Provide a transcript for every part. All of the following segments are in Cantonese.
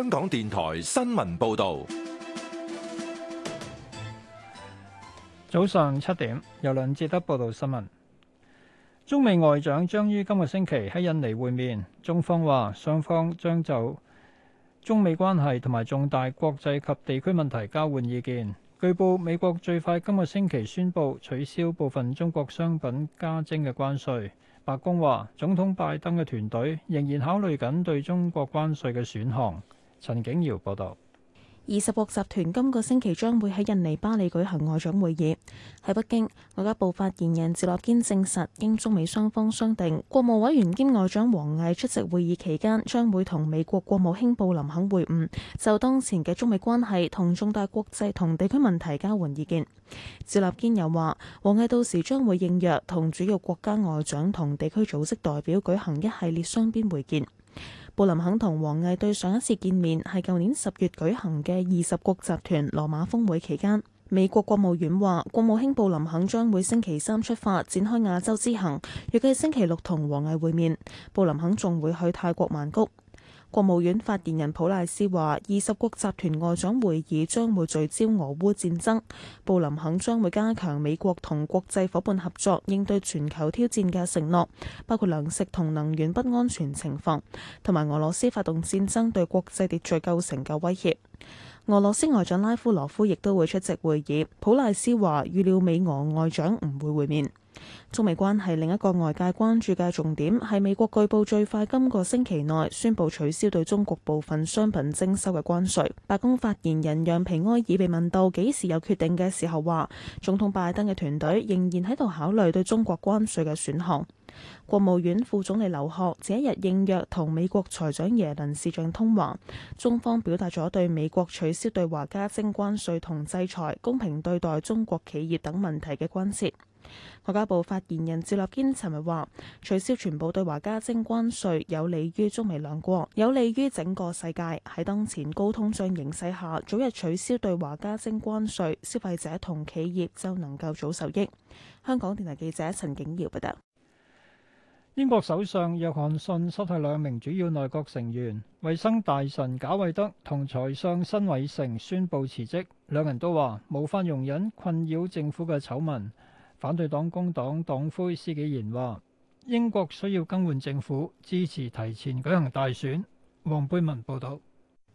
香港電台新聞報道，早上七點，由梁捷德報道新聞。中美外長將於今個星期喺印尼會面，中方話雙方將就中美關係同埋重大國際及地區問題交換意見。據報，美國最快今個星期宣布取消部分中國商品加徵嘅關稅。白宮話，總統拜登嘅團隊仍然考慮緊對中國關稅嘅選項。陳景堯報道，二十國集團今個星期將會喺印尼巴厘舉行外長會議。喺北京，外交部發言人趙立堅證實，經中美雙方商定，國務委員兼外長王毅出席會議期間，將會同美國國務卿布林肯會晤，就當前嘅中美關係同重大國際同地區問題交換意見。趙立堅又話，王毅到時將會應約同主要國家外長同地區組織代表舉行一系列雙邊會見。布林肯同王毅對上一次見面係舊年十月舉行嘅二十國集團羅馬峰會期間。美國國務院話，國務卿布林肯將會星期三出發展開亞洲之行，預計星期六同王毅會面。布林肯仲會去泰國曼谷。國務院發言人普賴斯話，二十國集團外長會議將會聚焦俄烏戰爭。布林肯將會加強美國同國際伙伴合作應對全球挑戰嘅承諾，包括糧食同能源不安全情況，同埋俄羅斯發動戰爭對國際秩序構成嘅威脅。俄羅斯外長拉夫羅夫亦都會出席會議。普賴斯話，預料美俄外長唔會會面。中美關係另一個外界關注嘅重點係美國據報最快今個星期內宣布取消對中國部分商品徵收嘅關稅。白宮發言人讓皮埃爾被問到幾時有決定嘅時候，話總統拜登嘅團隊仍然喺度考慮對中國關稅嘅選項。國務院副總理劉鶴，這一日應約同美國財長耶倫視像通話，中方表達咗對美國取消對華加徵關稅同制裁，公平對待中國企業等問題嘅關切。外交部發言人趙立堅尋日話：取消全部對華加徵關稅，有利於中美兩國，有利於整個世界。喺當前高通脹形勢下，早日取消對華加徵關稅，消費者同企業就能夠早受益。香港電台記者陳景堯報道。英國首相約翰遜失去兩名主要內閣成員，衛生大臣賈偉德同財相辛偉誠宣布辭職。兩人都話無法容忍困擾政府嘅醜聞。反對黨工黨黨魁施紀賢話：英國需要更換政府，支持提前舉行大選。黃貝文報道。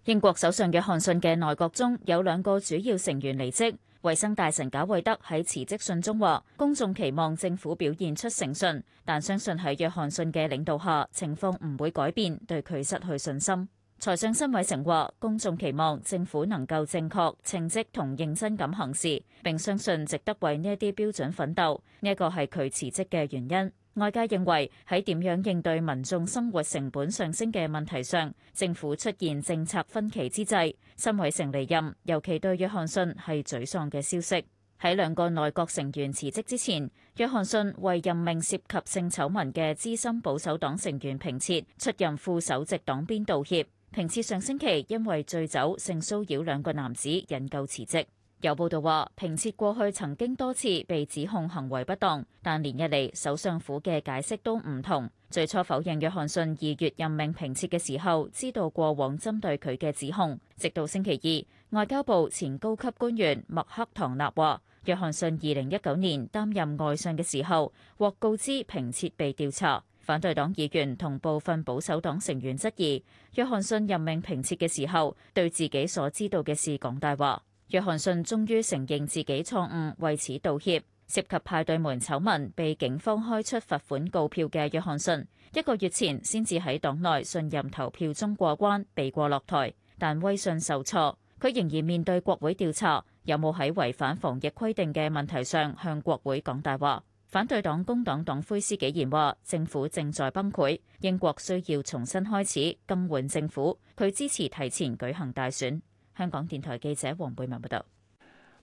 英國首相約翰遜嘅內閣中有兩個主要成員離職。衛生大臣賈維德喺辭職信中話：公眾期望政府表現出誠信，但相信喺約翰遜嘅領導下，情況唔會改變，對佢失去信心。財政辛偉誠話，公眾期望政府能夠正確稱職同認真咁行事，並相信值得為呢一啲標準奮鬥。呢一個係佢辭職嘅原因。外界認為喺點樣應對民眾生活成本上升嘅問題上，政府出現政策分歧之際，辛偉誠離任，尤其對約翰遜係沮喪嘅消息。喺兩個內閣成員辭職之前，約翰遜為任命涉及性醜聞嘅資深保守黨成員平撤出任副首席黨鞭道歉。平切上星期因為醉酒性騷擾兩個男子引咎辭職。有報道話，平切過去曾經多次被指控行為不當，但連日嚟首相府嘅解釋都唔同。最初否認約翰遜二月任命平切嘅時候，知道過往針對佢嘅指控。直到星期二，外交部前高級官員麥克唐納話，約翰遜二零一九年擔任外相嘅時候，獲告知平切被調查。反對黨議員同部分保守黨成員質疑約翰遜任命評裁嘅時候，對自己所知道嘅事講大話。約翰遜終於承認自己錯誤，為此道歉。涉及派對門醜聞被警方開出罰款告票嘅約翰遜，一個月前先至喺黨內信任投票中過關，避過落台。但威信受挫，佢仍然面對國會調查，有冇喺違反防疫規定嘅問題上向國會講大話？反對黨工黨黨魁施紀賢話政府正在崩潰，英國需要重新開始，更換政府。佢支持提前舉行大選。香港電台記者黃貝文報道。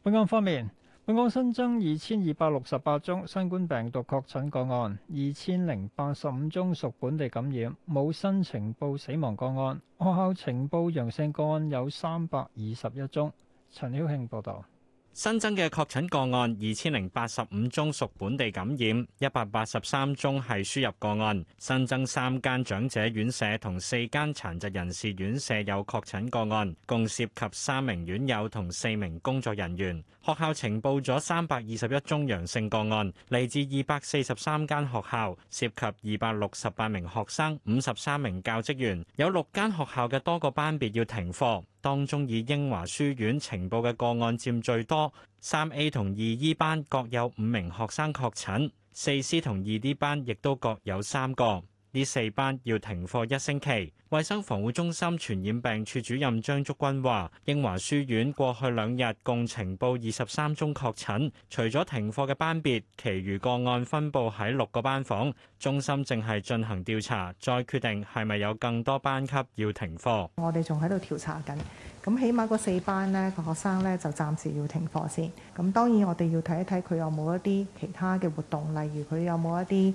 本港方面，本港新增二千二百六十八宗新冠病毒確診個案，二千零八十五宗屬本地感染，冇新情報死亡個案。學校情報陽性個案有三百二十一宗。陳曉慶報道。新增嘅確診個案二千零八十五宗屬本地感染，一百八十三宗係輸入個案。新增三間長者院舍同四間殘疾人士院舍有確診個案，共涉及三名院友同四名工作人員。學校呈報咗三百二十一宗陽性個案，嚟自二百四十三間學校，涉及二百六十八名學生、五十三名教職員，有六間學校嘅多個班別要停課。當中以英華書院情報嘅個案佔最多，三 A 同二 E 班各有五名學生確診，四 C 同二 D 班亦都各有三個。呢四班要停課一星期。衛生防護中心傳染病處主任張竹君話，英華書院過去兩日共呈報二十三宗確診，除咗停課嘅班別，其餘個案分布喺六個班房。中心正係進行調查，再決定係咪有更多班級要停課，我哋仲喺度調查緊，咁起碼嗰四班呢個學生咧就暫時要停課先。咁當然我哋要睇一睇佢有冇一啲其他嘅活動，例如佢有冇一啲。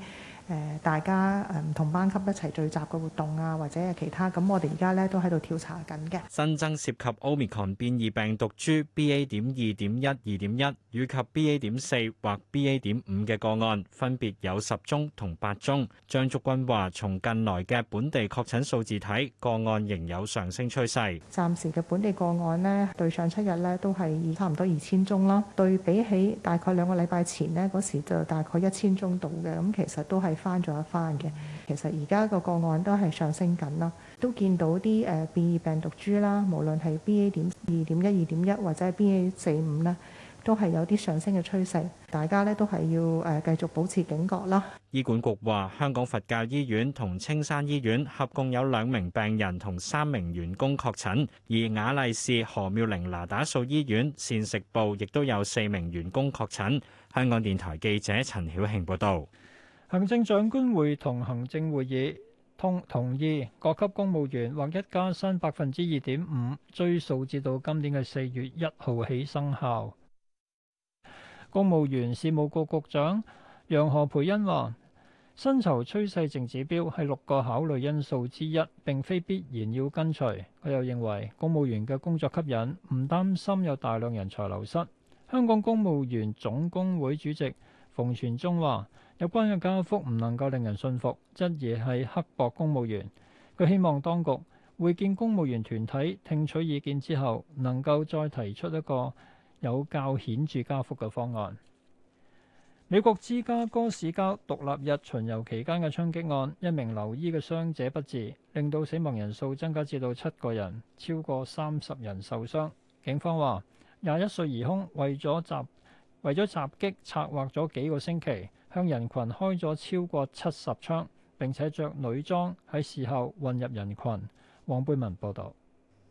誒大家誒唔同班級一齊聚集嘅活動啊，或者係其他咁，我哋而家咧都喺度調查緊嘅。新增涉及 Omicron 變異病毒株 BA. 點二點一二點一以及 BA. 點四或 BA. 點五嘅個案，分別有十宗同八宗。張竹君話：從近來嘅本地確診數字睇，個案仍有上升趨勢。暫時嘅本地個案呢，對上七日呢都係差唔多二千宗啦。對比起大概兩個禮拜前呢，嗰時就大概一千宗度嘅，咁其實都係。翻咗一番嘅，其實而家個個案都係上升緊啦，都見到啲誒變異病毒株啦，無論係 B A 點二點一二點一或者係 B A 四五啦，都係有啲上升嘅趨勢。大家呢都係要誒繼續保持警覺啦。醫管局話，香港佛教醫院同青山醫院合共有兩名病人同三名員工確診，而雅麗氏何妙齡那打素醫院膳食部亦都有四名員工確診。香港電台記者陳曉慶報道。行政長官會同行政會議通，同意各級公務員獲一加薪百分之二點五，追溯至到今年嘅四月一號起生效。公務員事務局局長楊何蓓茵話：薪酬趨勢淨指標係六個考慮因素之一，並非必然要跟隨。佢又認為公務員嘅工作吸引，唔擔心有大量人才流失。香港公務員總工會主席馮傳宗話。有關嘅加幅唔能夠令人信服，質疑係刻薄公務員。佢希望當局會見公務員團體，聽取意見之後，能夠再提出一個有較顯著加幅嘅方案。美國芝加哥市郊獨立日巡遊期間嘅槍擊案，一名留醫嘅傷者不治，令到死亡人數增加至到七個人，超過三十人受傷。警方話，廿一歲兒兇為咗襲為咗襲擊，策劃咗幾個星期。向人群開咗超過七十槍，並且着女裝喺事後混入人群。黃貝文報導。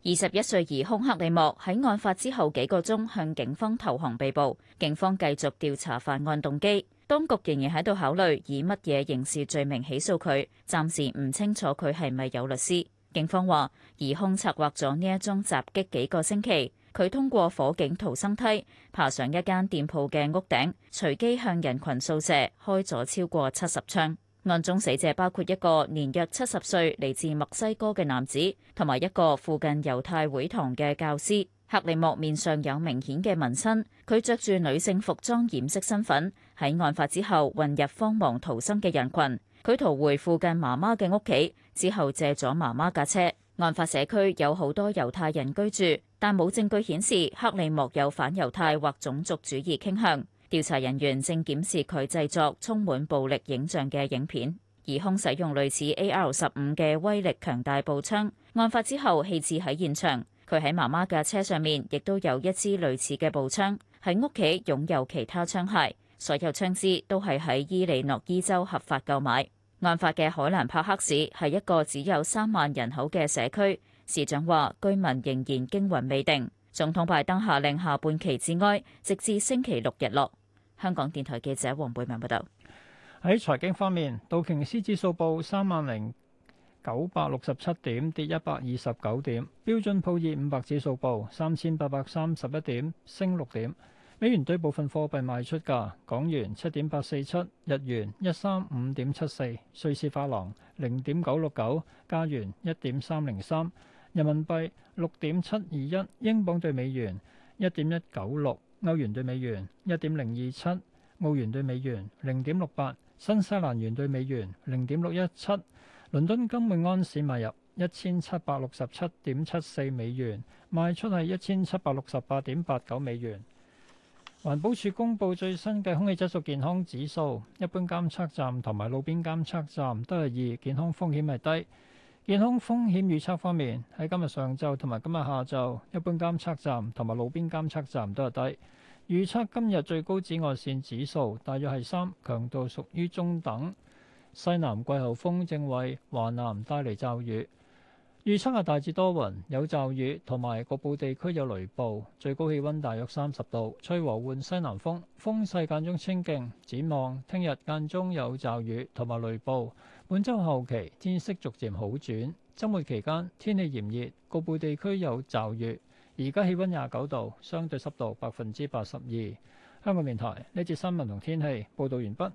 二十一歲疑兇克利莫喺案發之後幾個鐘向警方投降被捕，警方繼續調查犯案動機。當局仍然喺度考慮以乜嘢刑事罪名起訴佢，暫時唔清楚佢係咪有律師。警方話疑兇策劃咗呢一宗襲擊幾個星期。佢通過火警逃生梯爬上一間店鋪嘅屋頂，隨機向人群掃射，開咗超過七十槍。案中死者包括一個年約七十歲嚟自墨西哥嘅男子，同埋一個附近猶太會堂嘅教師。克里莫面上有明顯嘅紋身，佢着住女性服裝掩飾身份。喺案發之後，混入慌忙逃生嘅人群，佢逃回附近媽媽嘅屋企，之後借咗媽媽架車。案發社區有好多猶太人居住，但冇證據顯示克里莫有反猶太或種族主義傾向。調查人員正檢視佢製作充滿暴力影像嘅影片，疑兇使用類似 AR-15 嘅威力強大步槍。案發之後，棄置喺現場，佢喺媽媽嘅車上面亦都有一支類似嘅步槍，喺屋企擁有其他槍械，所有槍支都係喺伊利諾伊州合法購買。案發嘅海蘭帕克市係一個只有三萬人口嘅社區，市長話居民仍然驚魂未定。總統拜登下令下半旗致哀，直至星期六日落。香港電台記者黃貝文報道。喺財經方面，道瓊斯指數報三萬零九百六十七點，跌一百二十九點。標準普爾五百指數報三千八百三十一點，升六點。美元兌部分貨幣賣出價：港元七點八四七，日元一三五點七四，瑞士法郎零點九六九，加元一點三零三，人民幣六點七二一，英鎊對美元一點一九六，歐元對美元一點零二七，澳元對美元零點六八，新西蘭元對美元零點六一七。倫敦金每盎司賣入一千七百六十七點七四美元，賣出係一千七百六十八點八九美元。環保署公布最新嘅空氣質素健康指數，一般監測站同埋路邊監測站都係二，健康風險係低。健康風險預測方面，喺今日上晝同埋今日下晝，一般監測站同埋路邊監測站都係低。預測今日最高紫外線指數大約係三，強度屬於中等。西南季候風正為華南帶嚟驟雨。預測係大致多雲，有驟雨，同埋局部地區有雷暴，最高氣温大約三十度，吹和緩西南風，風勢間中清勁。展望聽日間中有驟雨同埋雷暴，本週後期天色逐漸好轉，周末期間天氣炎熱，局部地區有驟雨。而家氣温廿九度，相對濕度百分之八十二。香港電台呢節新聞同天氣報導完畢。